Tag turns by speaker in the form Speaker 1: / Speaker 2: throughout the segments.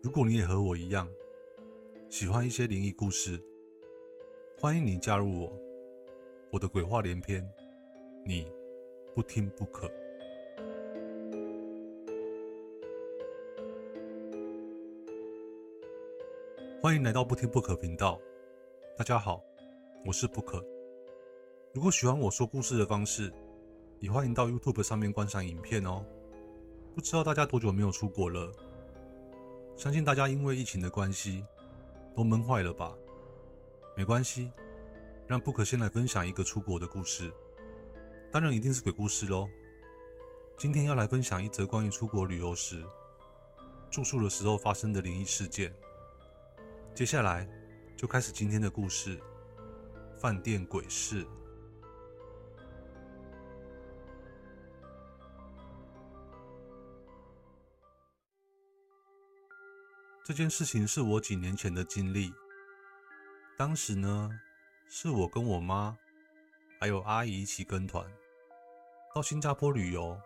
Speaker 1: 如果你也和我一樣喜歡一些靈異故事，歡迎你加入我。我的鬼話連篇，你不聽不可。歡迎來到不聽不可頻道。大家好，我是不可。如果喜歡我說故事的方式，也歡迎到 YouTube 上面觀賞影片哦。不知道大家多久沒有出國了？相信大家因為疫情的關係，都悶壞了吧？沒關係，讓 Book 先來分享一個出國的故事。當然，一定是鬼故事嘍。今天要來分享一則關於出國旅遊時住宿的時候發生的靈異事件。接下來就開始今天的故事：飯店詭事。這件事情是我幾年前的經歷。當時呢，是我跟我媽還有阿姨一起跟團到新加坡旅遊。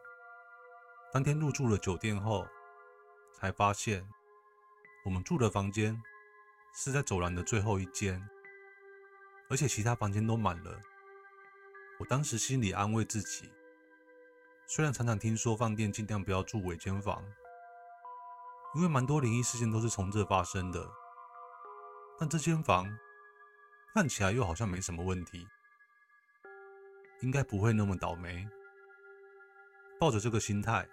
Speaker 1: 當天入住了酒店後，才發現我們住的房間是在走廊的最後一間，而且其他房間都滿了。我當時心裡安慰自己，雖然常常聽說飯店盡量不要住尾間房。因為蠻多靈異事件都是從這發生的，但這間房看起來又好像沒什麼問題，應該不會那麼倒霉。抱着這個心態，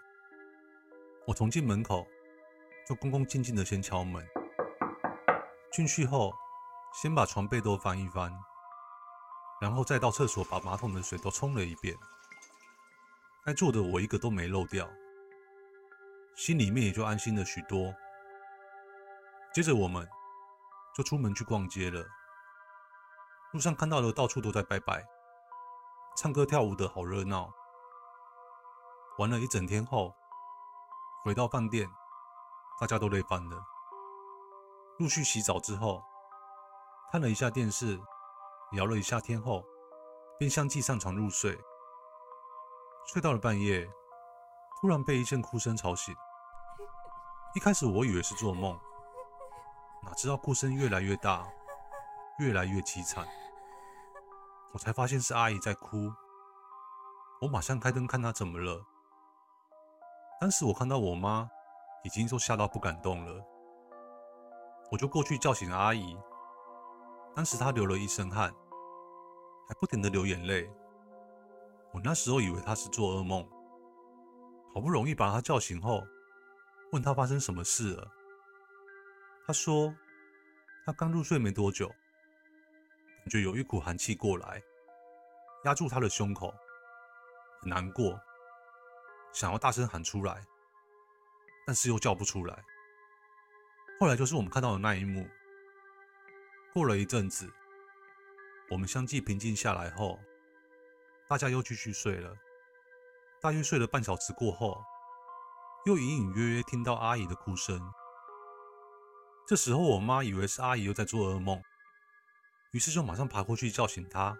Speaker 1: 我從進門口就恭恭敬敬地先敲門，進去後先把床被都翻一翻，然後再到廁所把馬桶的水都沖了一遍，該做的我一個都沒漏掉。心裡面也就安心了許多。接着，我們就出門去逛街了。路上看到的到處都在拜拜、唱歌、跳舞的好熱鬧。玩了一整天後，回到飯店，大家都累翻了。陸續洗澡之後，看了一下電視，聊了一下天後，便相繼上床入睡。睡到了半夜，突然被一陣哭聲吵醒。一開始我以為是做夢，哪知道哭聲越來越大，越來越淒慘，我才發現是阿姨在哭。我馬上開燈看她怎麼了。當時我看到我媽已經都嚇到不敢動了，我就過去叫醒了阿姨。當時她流了一身汗，還不停的流眼淚。我那時候以為她是做噩夢，好不容易把她叫醒後。問他發生什麼事了？他說他剛入睡沒多久，感覺有一股寒氣過來，壓住他的胸口，很難過，想要大聲喊出來，但是又叫不出來。後來就是我們看到的那一幕。過了一陣子，我們相繼平靜下來後，大家又繼續睡了。大約睡了半小時過後。又隱隱約約聽到阿姨的哭聲，這時候我媽以為是阿姨又在做噩夢，於是就馬上爬過去叫醒她。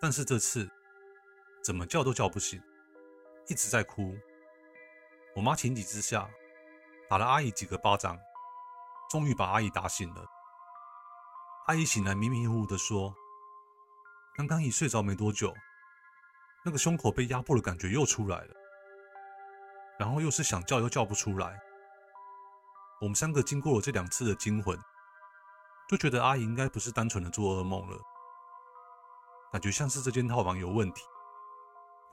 Speaker 1: 但是這次怎麼叫都叫不醒，一直在哭。我媽情急之下打了阿姨幾個巴掌，終於把阿姨打醒了。阿姨醒來迷迷糊糊的說：“剛剛一睡着沒多久，那個胸口被壓迫的感覺又出來了。”然後又是想叫又叫不出來。我們三個經過了這兩次的驚魂，就覺得阿姨應該不是單純的做噩夢了，感覺像是這間套房有問題。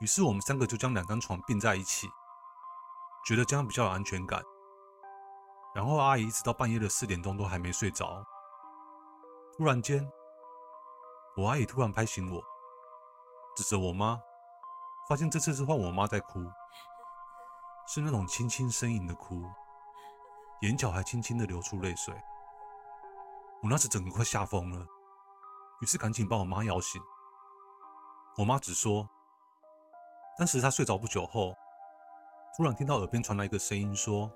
Speaker 1: 於是我們三個就將兩張床併在一起，覺得這樣比較有安全感。然後阿姨一直到半夜的四點鐘都還沒睡着。突然間，我阿姨突然拍醒我，指着我媽，發現這次是換我媽在哭。是那種輕輕呻吟的哭，眼角還輕輕的流出淚水。我那時整個快嚇瘋了，於是趕緊把我媽搖醒。我媽只說，當時她睡着不久後，突然聽到耳邊傳來一個聲音說：“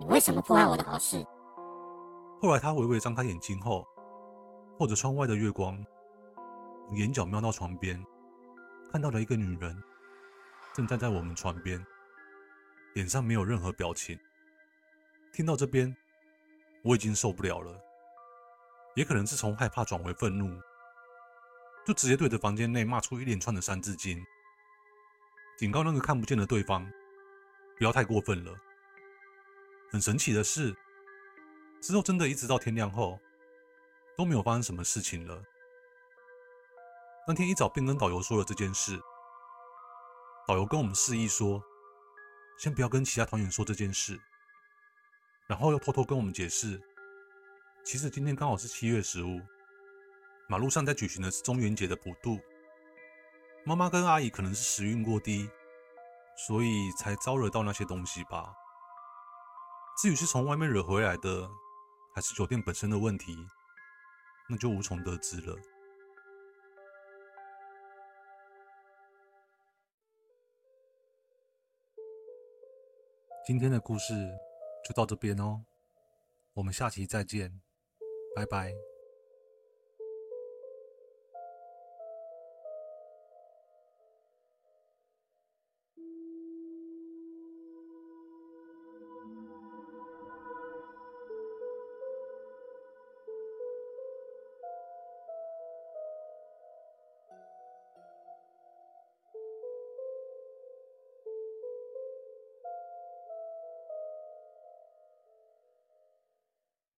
Speaker 1: 你為什麼破壞我的好事？”後來她微微張開眼睛後，透着窗外的月光，眼角瞄到床邊，看到了一個女人。正站在，在我們床邊，臉上沒有任何表情。聽到這邊，我已經受不了了，也可能是從害怕轉回憤怒，就直接對着房間內罵出一連串的三字經，警告那個看不見的對方，不要太過分了。很神奇的是，之後真的一直到天亮後，都沒有發生什麼事情了。當天一早便跟導遊說了這件事。導遊跟我們示意說：“先不要跟其他團員說這件事。”然後又偷偷跟我們解釋：“其實今天剛好是七月十五，馬路上在舉行的是中元節的普渡。媽媽跟阿姨可能是時運過低，所以才招惹到那些東西吧。至於是從外面惹回來的，還是酒店本身的問題，那就無從得知了。”今天的故事就到這邊哦，我們下期再見，拜拜。